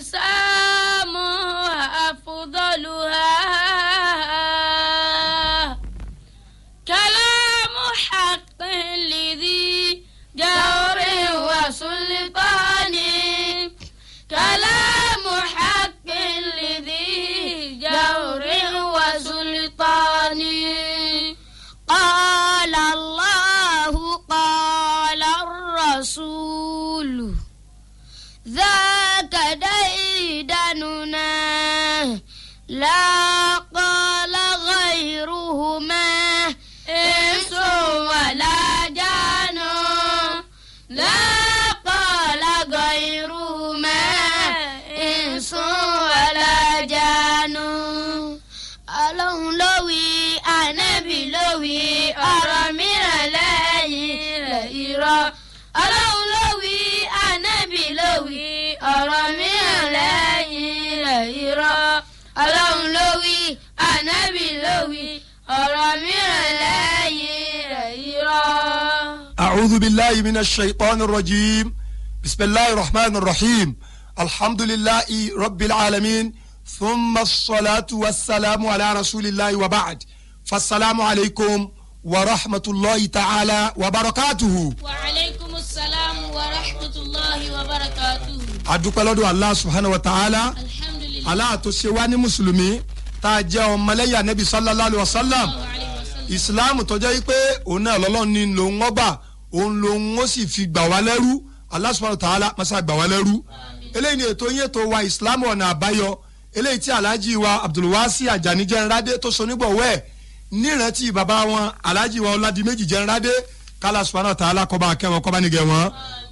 الإسلام أفضلها كلام حق لذي جور وسلطان كلام حق لذي جور وسلطان قال الله قال الرسول ذا La ọ̀rọ̀ mìíràn lẹ́yìn rẹ̀ irọ́. a'udhu billahi minash shaitanir rajim bismillahir rahmanir rahim alhamdulillahi rabbil alamin thumma salatu wassalamu ala rasulillahi wa ba'd fassalamu alaykum wa rahmatulahi ta'ala wa barakatuhu. wa alaykum salaam wa rahmatulahi wa barakatuhu. adúpẹ́ lọ́dọ̀ allah subhanahu wa ta'ala. alhamdulilayi. aláàtúnṣe wa ni mùsùlùmí tá a jẹ́ ọmọlẹ́yìn anabi sallallahu alayhi wa sallam islam tó jẹ́ wípé òun náà lọ́lọ́ ni lòun ọgbà òun lòun ó sì fi gbà wá lẹ́rú Allah subhanahu wa ta'ala masa gbà wá lẹ́rú eléyìí ni ètò yín ètò wa islam ọ̀nà àbáyọ eléyìí tí alhaji wa abdulwasi ajani jẹnradé tó so nígbọ̀wọ́ ẹ̀ nírántí bàbá wọn alhaji wa ọládìméjì jẹnradé kálá subhanahu wa ta'ala kọba akẹ́wọ̀n kọba nìgẹ̀ wọn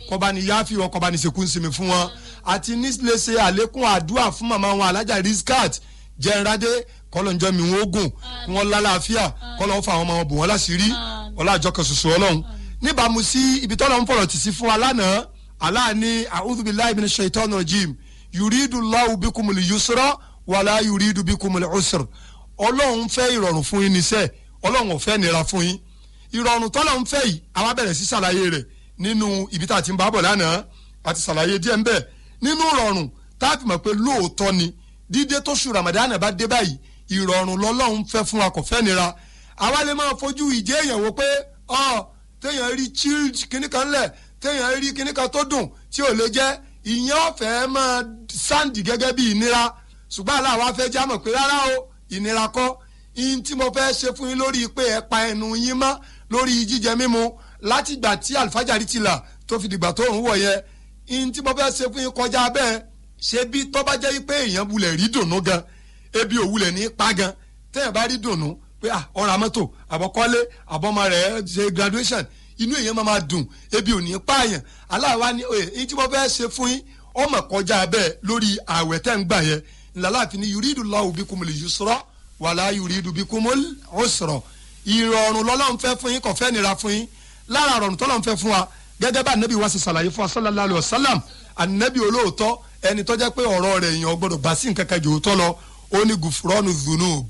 kọba ni yáfi wọn kọba ni sekú sinmi fún wọn àti nílẹ̀ṣẹ̀ àlékún àdúrà fún màmá wọn alhaja rizkat jẹ́nradé kọ́lọ́njọ́ mi wọ́n gùn kí wọ́n lálàáfíà kọ́lọ́n fa àwọn ọmọ wọn bò wọ́n láṣìírí ọlá àjọkẹ́ ṣoṣo ọlọ́run níbàámu sí ibi tọ́lọ́ ń fọ̀rọ̀ tì sí fún wa lánàá aláàní àhúdùbíláì min ṣèitán rajim yùrídù láwù bí kùmùlì yusra wàlá yùrídù bí kùmùlì usra ọlọ́run fẹ́ ìrọ̀rùn fún yín níṣẹ́ ọlọ́run ò fẹ́ nira fún yín ìrọ̀rùn tọ́lọ̀ ń fẹ́ yìí àwa bẹ̀rẹ̀ sí ṣàlàyé rẹ̀ nínú ibi tá a ti ń bá bọ̀ lánàá àti ṣàlàyé díẹ̀ ń bẹ̀ nínú ìrọ̀rùn tá a fi mọ̀ pé lóòótọ́ ni dídé tó ṣù Ramadan bá dé báyìí ìrọ̀rùn lọ́lọ́run fẹ́ fún wa kò fẹ́ nira àwa lè máa fojú ìjẹ́ èèyàn wo pé ọ téèyàn rí chilled kíní kan lẹ̀ téèyàn rí kíní kan tó dùn tí ò lè jẹ́ ìyẹn ọ̀fẹ́ máa sáǹdì gẹ́gẹ́ bí ìnira ṣùgbọ́n aláwa fẹ́ já mọ̀ pé rárá o ìnira kọ́ ihun tí mo fẹ́ ṣe fún yín lórí pé ẹ pa ẹnu yín mọ́ lórí jíjẹ mímu látìgbà tí àlùfájàrí ti là tó fi dìgbà tó ń wọ̀ yẹn ihun tí mo fẹ́ ṣe fún yín kọjá bẹ́ẹ̀ ṣebí tó bá jẹ́ pé èèyàn wulẹ̀ rí dùnú gan ebi òwulẹ̀ ní pa gan téèyàn bá rí dùnú pé ah, ó ra mọ́tò àbọ̀kọ́lé àbọ̀mọ rẹ̀ ṣe graduation inú èèyàn máa máa dùn ebi ò ní pààyàn aláwa ni èyí tí mo fẹ́ ṣe fún yín ọmọ kọjá bẹ́ẹ̀ lórí ààwẹ̀ tẹ́ ń gbà yẹn ńlálàfin ni yuridu Allahu bikumul yusra wala yuridu bikumul usra ìrọ̀rùn lọ́lọ́run fẹ́ fún yín kò fẹ́ nira fún yín lára ìrọ̀rùn tọ́lọ́run fẹ́ fún wa gẹ́gẹ́ bá anabi wa ṣe ṣàlàyé fún sallallahu alayhi anabi olóòótọ́ ẹni tó pé ọ̀rọ̀ rẹ̀ èèyàn gbọ́dọ̀ gbà sí nǹkan kan jù òótọ́ lọ ó ní gufranu zunub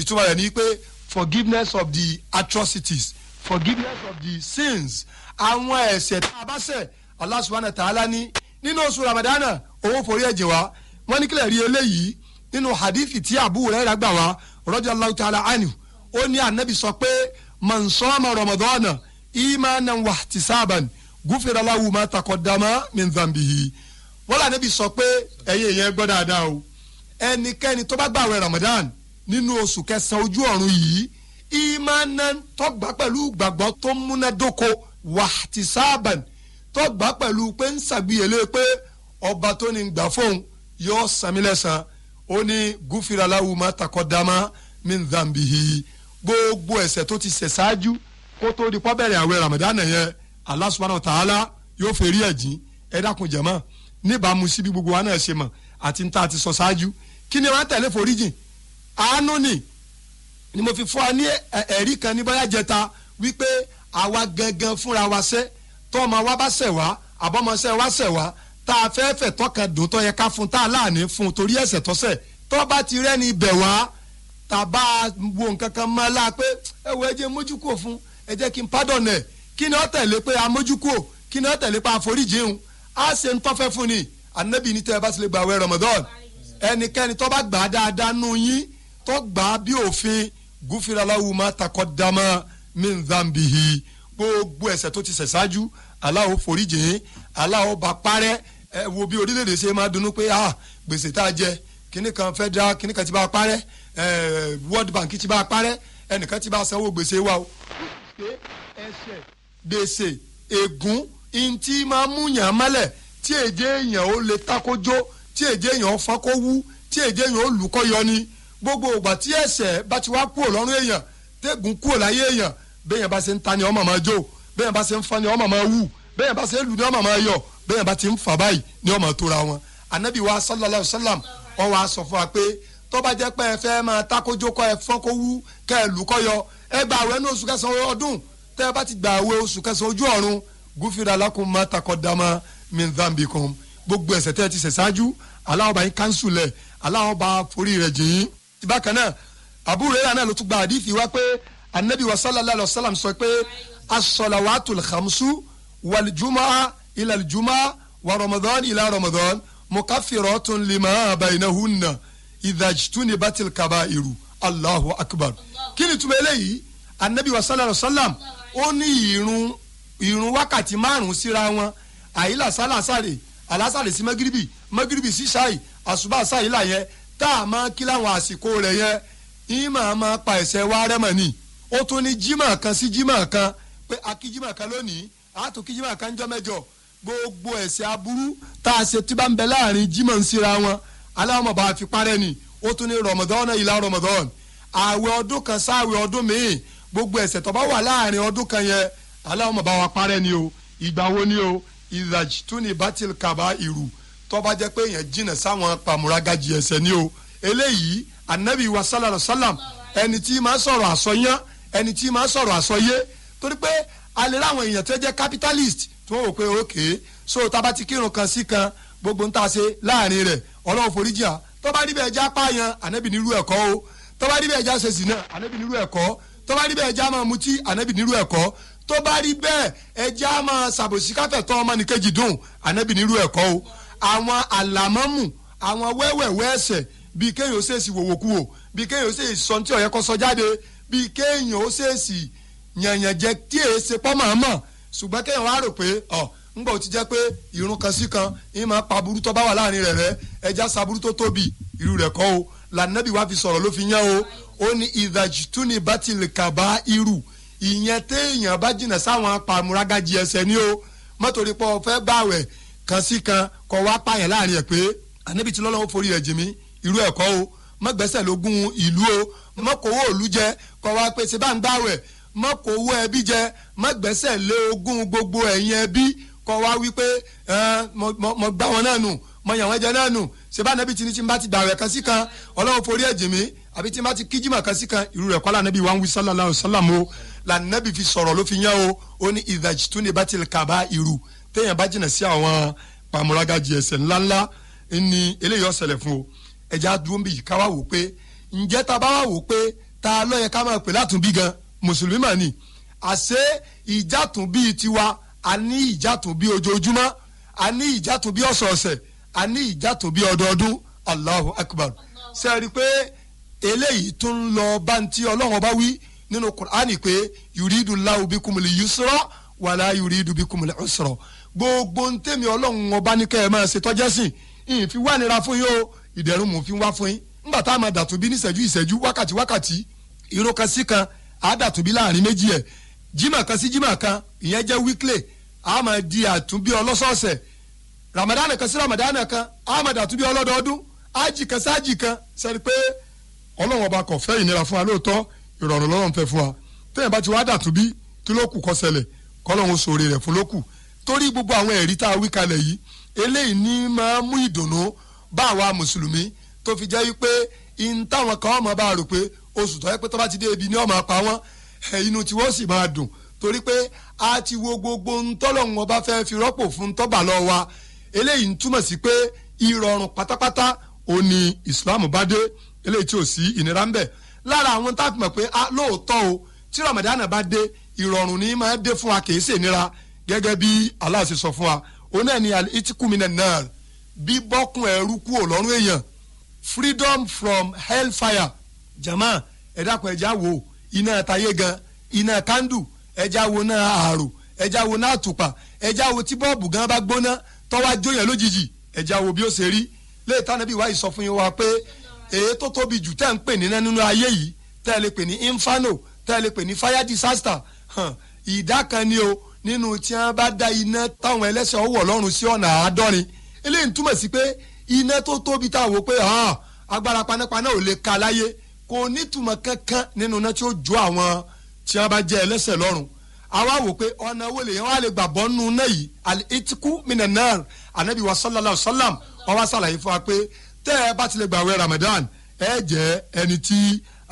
ìtumọ̀ rẹ̀ ni pé forgiveness of the atrocities forgiveness of the sins àwọn ẹ̀ṣẹ̀ tá a bá ṣẹ̀ Allah subhanahu wa ta'ala ní nínú oṣù ramadana owó forí ẹ̀jẹ̀ wa wọ́n ní kílẹ̀ rí eléyìí nínú hadithi tí Abu Hurairah gbà wá radiyallahu ta'ala anhu ó ní anabi sọ pé man sama ramadana imanan wahtisaban gúfèrè aláwo máa takọ̀ dama mẹ́ńdàmbìhì wọ́n là níbi sọ pé ẹ̀yin èèyàn gbọ́ dáadáa o ẹnikẹ́ni tó bá gbààwẹ̀ Ramadan nínú oṣù kẹsàn-án ojú ọ̀run yìí ìmọ̀nà tọ́gbà pẹ̀lú gbàgbọ́ tó múnádóko wàhtísábàn tọ́gbà pẹ̀lú pé ń ṣàgbéyẹlé pé ọba tó ní gbà fóun yóò sàmì lẹ́sàn ó ní gúfèrè aláwo máa takọ̀ dama mẹ́ńdàmbìhì gbogbo ẹ̀ṣẹ̀ tó ti ṣẹ̀ ṣáájú kó tó di pọ́ àwẹ̀ Ramadan yẹn Allah subhanahu wa ta'ala yóò fèrè ẹ̀jìn ẹ dákun jẹ̀mọ́ níbàámu síbi gbogbo wa náà ṣe mọ̀ àti níta àti sọ ṣáájú kí ni wọ́n tẹ̀lé foríjìn àánú ni ni mo fi fún wa ní ẹ̀rí kan ní bóyá jẹta wípé àwa gangan fúnra wa ṣe tọ́mọ wa bá ṣẹ̀ wá àbọ̀mọṣẹ́ wa ṣẹ̀ wá tá a fẹ́ fẹ̀ tọ́ka dùn tọ́ yẹ ká fún tá a láàánú fún torí ẹ̀ṣẹ̀ tọ́ṣẹ̀ tọ́ bá ti rẹ́ni bẹ̀ wá tàbá wo nǹkan kan mọ́ la pé ẹ wo ẹ jẹ́ mójú kò fún ẹ jẹ́ kí n pardon ẹ̀ kí ni ó tẹ̀lé pé amójúkúò kí ni ó tẹ̀lé pé àforíjìn á ṣe ń tọ́fẹ́ fún ni ànábì ní tẹ́ bá ti lè gbà wẹ̀ Ramadan ẹnikẹ́ni tó bá gbà á dáadáa nù yín tó gbà á bí òfin gúfìràláwù máa takọ dámọ́ min zambihi gbogbo ẹ̀ṣẹ̀ tó ti ṣẹ̀ ṣáájú aláwo foríjìn aláwo bá parẹ́ ẹ wo bí orílẹ̀-èdè ṣe máa dunnú pé gbèsè tá a jẹ kíní kan federal kíní kan ti bá a parẹ́ World Bank ti bá a parẹ́ ẹnìkan ti bá a sanwó gbèsè wa o. ẹ̀ṣẹ̀ gbèsè ègún ntí máa mú yàn mọ́lẹ̀ tí èjé èèyàn ó lè takójó tí èjé èèyàn ó fọ́n kó wú tí èjé èèyàn ó lù kọ́ yọ ni gbogbo ìgbà tí ẹ̀ṣẹ̀ bá ti wá kúrò lọ́rùn èèyàn tẹ́gùn kúrò láyé èèyàn bẹ́ẹ̀yàn bá ṣe ń ta ni ọmọ máa jó bẹ́ẹ̀yàn bá ṣe ń fa ni ọmọ máa wú bẹ́ẹ̀yàn bá ṣe ń lù ni ọmọ máa yọ bẹ́ẹ̀yàn bá ti ń fà báyìí ni ọmọ tóra wọn anabi wa sallallahu sallam wa pé tó tẹ́ ẹ bá ti gba àwẹ̀ oṣù kẹsàn-án ojú ọ̀run gúfìrà lakum ma taqaddama min dhanbikum gbogbo ẹ̀ṣẹ̀ tẹ́ ẹ ti ṣẹ̀ ṣáájú Allah bá yín kánṣu lẹ̀ Allah bá forí rẹ̀ jìn yín. bákan náà Abu Hurairah náà ló tún gba àdìfì wá pé anabi wa sallallahu alayhi wa sallam sọ pé as-salawatul khamsu wal jumu'a ila al jumu'a wa ramadan ila ramadan mukaffiratun lima bainahunna idha ijtunibatil kaba'iru Allahu akbar kí ni túmọ̀ eléyìí anabi wa sallallahu alayhi wa sallam ó ní ìrun ìrun wákàtí márùn-ún síra wọn àyílà sálàsàrè àlásàrè sí mọ́gìrìbì mọ́gìrìbì sí ṣáì àṣùbà sáyìlà yẹn tá a máa kí láwọn àsìkò rẹ̀ yẹn ìmọ̀ máa pa ẹ̀sẹ̀ wa rẹ́mọ̀ ni ó tún ní jímọ̀ kan sí jímọ̀ kan pé a kí jímọ̀ kan lónìí a tún kí jímọ̀ kan jọ́ mẹ́jọ gbogbo ẹ̀sẹ̀ aburú tá a ṣe tí bá ń bẹ láàrin jímọ̀ ń síra wọn aláwọ̀ bá a fi parẹ́ ni ó tún ní rọmọdọ́n ìlà rọmọdọ́n ààwẹ̀ ọdún kan sáàwẹ̀ ọdún míì gbogbo ẹ̀ṣẹ̀ tó bá wà láàrin ọdún kan yẹn aláwọ̀ bá wa parẹ́ ni o ìgbà wo ni o ìdajì tún ni batil kaba irú tó bá jẹ́ pé èèyàn jìnnà sáwọn pàmùrágàjì ẹ̀ṣẹ̀ ni o eléyìí anabi wa sallallahu salam ẹni tí máa sọ̀rọ̀ àsọyán ẹni tí máa sọ̀rọ̀ àsọyé torí pé alẹ́ láwọn èèyàn tó jẹ́ capitalist tó wò pé okay so tá a bá ti kírun kan sí kan gbogbo ń ta ṣe láàrin rẹ̀ ọlọ́run foríjì à tó bá rí bẹ́ẹ̀ já pààyàn anabi nírú ẹ̀kọ́ o tó bá rí bẹ́ẹ̀ já ṣe sí náà anabi nírú ẹ̀kọ́ tó bá rí bẹ́ẹ̀ ẹja máa mutí ànábì nírú ẹ̀kọ́ tó bá rí bẹ́ẹ̀ ẹja máa ṣàbòsí káfẹ̀tọ́ ọmọnìkejì dùn ànábì nírú ẹ̀kọ́ o àwọn àlàmọ́mù àwọn wẹ́wẹ̀wẹ́ ẹ̀ṣẹ̀ bíi kéèyàn ó ṣèèṣì wòwòkú o bíi kéèyàn ó ṣèèṣì sọ tí ọ̀yẹ́ kọ́ sọ jáde bíi kéèyàn ó ṣèèṣì yànyànjẹ tí èé ṣe pọ́ màmá ṣùgbọ́n kéèyàn wá rò pé ọ̀ ńgbà ó ti jẹ́ pé ìrun kan sí kan ìyẹn máa pa burú tó bá wà láàrin rẹ̀ rẹ̀ ẹja saburú tó tóbi irú rẹ̀ kọ́ o lànàbí wàá fi sọ̀rọ̀ ló fi yán o ó ní ìdajìtúni bátìlì kàbá irú ìyẹn téèyàn bá jìnnà sáwọn apàmúrágájì ẹsẹ̀ ni ó mọ́tòrí pọ̀ fẹ́ báwẹ̀ kan sí kan kọ́ wá pààyàn láàrin ẹ̀ pé ànábì tí lọ́lọ́wọ́ forí ẹ̀ jì mí irú ẹ̀kọ́ o mọ́gbẹ́sẹ̀ lógún ìlú o mọ́kòwó òlu jẹ kọ́ wá pé ṣe bá ń báwẹ̀ mọ́kòwó ẹbí jẹ mọ́gbẹ́sẹ̀ lé ogún gbogbo ẹ̀yìn ẹbí kọ́ wá wípé mo gbá wọn náà nù mo yàn wọn náà nù ṣe bá ànábì tí ní ti ń bá ti dàwẹ̀ kan sí kan ọlọ́wọ́ forí ẹ̀ jì mí àbí tí n bá ti kí jimá kan sí kan irú rẹ̀ kọ́lá anabi wa ń wí sallallahu alayhi wa sallam o lànàbì fi sọ̀rọ̀ ló fi yán o ó ní ìdajì tún ní bá ti kàbá irú téèyàn bá jìnnà sí àwọn pàmòràgàjì ẹ̀ṣẹ̀ ńláńlá ní eléyìí ọ̀sẹ̀lẹ̀ fún o ẹ̀já dúró bíi ká wá wò pé ǹjẹ́ ta bá wá wò pé ta ló yẹ ká máa pè látúnbí gan mùsùlùmí mà ni àṣé ìjàtúnbí tiwa a ní ìjàtúnbí ojoojúmọ́ a ní ìjàtúnbí ọ̀sọ̀ọ̀sẹ̀ a ní ìjàtúnbí ọdọọdún Allahu Akbar ṣe é rí i pé eléyìí tún ń lọ bá ń tí ọlọ́run bá wí nínú kùránì pé yuridu láwù bí kùmùlì yusra wàlá yuridu bí kùmùlì usra gbogbo ń tèmi ọlọ́run ọba ní kẹ́ ẹ máa ṣe tọ́jẹ́ sìn ìyìn fi wá nira fún yín o ìdẹ̀rùn mò ń fi wá fún yín ńgbà tá a máa dàtún bí níṣẹ́jú ìṣẹ́jú wákàtí wákàtí ìró kan sí kan á dàtún bí láàrin méjì ẹ̀ jimá kan sí jimá kan ìyẹn jẹ́ wíkìlẹ̀ á máa di àtúnbí ọlọ́sọ̀ọ̀sẹ̀ ramadan kan sí ramadan kan á máa dàtún bí ọlọ́dọọdún ájì kan sí ájì kan sẹ́ni pé ọlọ́run ọba kò fẹ́ ìnira fún wa lóòótọ́ ìrọ̀rùn lọ́rùn fẹ́ fún wa tẹ́yìn bá ti wá dàtú bí tí ló kù kọsẹ̀lẹ̀ kọ́lọ́run sòrè rẹ̀ fún ló kù torí gbogbo àwọn ẹ̀rí tá a wí kalẹ̀ yìí eléyìí ní máa mú ìdùnnú bá àwa mùsùlùmí tó fi jẹ́ wípé in táwọn kan ọmọ bá rò pé oṣù tó yẹ pé tó ti dé ibi ni ọmọ apá wọn inú tí wọ́n sì máa dùn torí pé a ti wo gbogbo ntọ́lọ́run ọba fẹ́ fi rọ́pò fún tọ́bà lọ wa eléyìí ń túmọ̀ sí pé ìrọ̀rùn pátápátá òní ìsìlámù bá dé eléyìí tí ò sí ìnira ń bẹ lára àwọn tá a fi mọ̀ pé lóòótọ́ o tí Ramadan bá dé ìrọ̀rùn ni máa dé fún wa kì í ṣe ìnira gẹ́gẹ́ bí Allah sọ fún wa òun náà ni itikumina náà bí bọ́kùn ẹrú kúrò lọ́rùn èèyàn freedom from hellfire jama ẹ̀dàkùn ẹ̀já wo iná tayé gan iná kandu ẹ̀já wo náà àrò ẹ̀já wo náà àtùpà ẹ̀já wo tí bọ́ọ̀bù gan bá gbóná tọ́wá jóyàn lójijì ẹ̀já wo bí ó ṣe rí lẹ́ẹ̀tàn Ànábì wáyé sọ fún yín wa pé èyí tó tóbi jù tẹ́ ń pè ní nínú ayé yìí tẹ́ ẹ lè pè ní infano tẹ́ ẹ lè pè ní fire disaster ìdá kan ni o nínú tí wọ́n bá da iná táwọn ẹlẹ́sẹ̀ ọwọ́ ọlọ́run sí ọ̀nà àádọ́rin eléyìí túmọ̀ sí pé iná tó tóbi tá a wò pé agbára panápaná ò lè ka láyé kò nítumọ̀ kankan nínú iná tí ó jó àwọn tí wọ́n bá jẹ́ ẹlẹ́sẹ̀ lọ́rùn àwa wò pé ọ̀nà wo lèyàn wà lè gbàgbọ́ nínú iná yìí al-itku minan nar sallallahu alayhi wa sallam wọ́n wá sàlàyé fún wa pé tẹ́ ẹ bá ti gbàwé Ramadan ẹ jẹ́ ẹni tí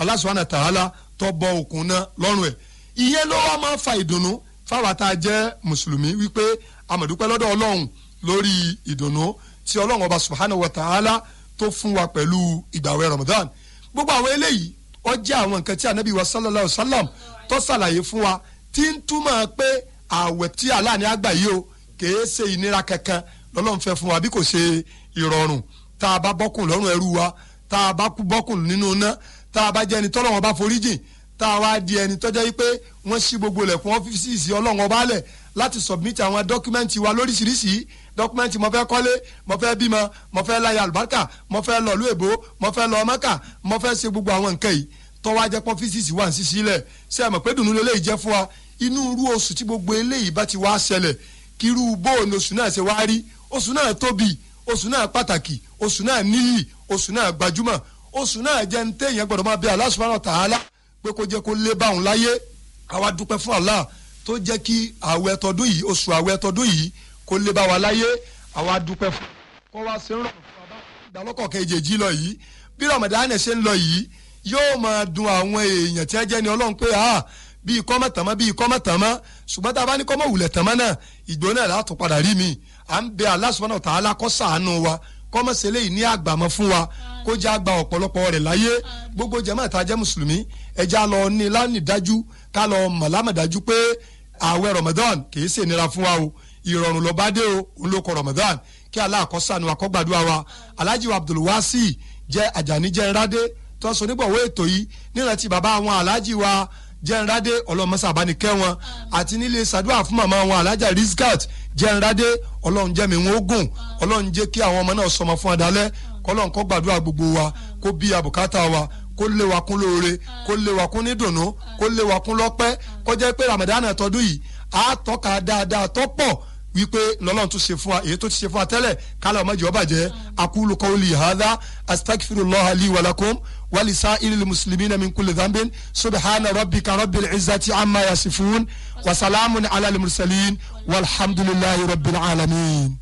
Allah subhanahu wa ta'ala tó bọ òkun náà lọ́rùn ẹ̀ ìyẹn ló wá máa fa ìdùnnú fáwa tá a jẹ́ mùsùlùmí wípé a máa dúpẹ́ lọ́dọ̀ ọlọ́run lórí ìdùnnú tí ọlọ́run ọba subhanahu wa ta'ala tó fún wa pẹ̀lú ìgbàwé Ramadan gbogbo àwọn eléyìí ó jẹ́ àwọn nǹkan tí anabi wa sallallahu sallam tó ṣàlàyé fún wa tí ń túmọ̀ pé ààwẹ̀ tí aláàní àgbà yìí o kèé se ìnira kankan lọ́lọ́run fẹ́ fún wa bí kò ṣe ìrọ̀rùn tá a bá bọ́kùn lọ́rùn ẹrú wa tá a bá kú bọ́kùn nínú iná tá a bá jẹ́ ẹni tọ́lọ́run ọba foríjìn tá a wá di ẹni tọ́jọ́ yìí pé wọ́n ṣí gbogbo ilẹ̀kùn ọ́fíìsì ọlọ́run ọba lẹ̀ láti submit àwọn dọ́kúmẹ́ǹtì wa lóríṣiríṣi dọ́kúmẹ́ǹtì mo fẹ́ kọ́lé mo fẹ́ bímọ mo fẹ́ láyé àlùbáríkà mo fẹ́ lọ́ọ̀lú èbó mo fẹ́ lọ Mẹ́kà mo fẹ́ ṣe gbogbo àwọn nǹkan yìí tọ́wọ́ ajẹ́ pọ́fíìsì wà ń sí sílẹ̀ ṣé ẹ mọ̀ pé dùnú lélẹ́yìí jẹ́ fún wa inú irú oṣù tí gbogbo eléyìí bá ti wá ṣẹlẹ̀ kí irú bóònù oṣù náà ṣe wá rí oṣù náà tóbi oṣù náà pàtàkì oṣù náà níyì oṣù náà gbajúmọ̀ oṣù náà jẹ́ ní téèyàn gbọdọ máa bẹ Allah subhanahu ta'ala pé kó jẹ́ kó lé báwọn láyé àwa dúpẹ́ fún Allah tó jẹ́ kí àwẹ̀ tọdún yìí oṣù àwẹ̀ tọdún yìí kó lé bá wa láyé àwa fún kó wá sí ìdálọ́kọ̀ kejì lọ yìí bí Ramadan ṣe ń lọ yìí yóò máa àwọn èèyàn tí ẹ jẹ́ ni Ọlọ́run pé ah, bíi kọ́mọ̀tàmọ́ bíi kọ́mọ̀tàmọ́ ṣùgbọ́n tá a bá ní tàmọ́ náà ìgbóná padà rí mi à ń bẹ Allah subhanahu wa ta'ala kó ṣàánú wa kọ́mọ̀sẹ̀ lè ní àgbàmọ́ fún wa kó jẹ́ àgbà ọ̀pọ̀lọpọ̀ rẹ̀ láyé gbogbo jàmáà tá jẹ́ mùsùlùmí ẹja lọ ní lánìdájú ká lọ mọ̀ lámọ̀dájú pé ààwẹ̀ Ramadan kìí ṣe nira fún wa o ìrọ̀rùn ló dé o ń ló kọ Ramadan kí Allah kó ṣàánú wa kó gbàdúrà wa Alhaji Abdul Wasi jẹ́ Àjàní jẹ́ Nradé tó ètò yìí nírántí wa jẹ́nradé ọlọ́mọsá àbánikẹ́ wọn àti nílé sàdúrà fún màmá wọn alájà Rizgat jẹ́nradé ọlọ́run jẹ́mi wọn ogun ọlọ́run jẹ́ kí àwọn ọmọ náà sọmọ fún adalẹ kọ́lọ́n kọ gbàdúrà gbogbo wa kó bí abùkátà wa kó lé wa kún lóore kó lé wa kún nídùnnú kó lé wa kún wípé tún ṣe fún wa èyí tó ti ṣe fún wa kálá ọmọ ولسائر المسلمين من كل ذنب سبحان ربك رب العزة عما يصفون وسلام على المرسلين والحمد لله رب العالمين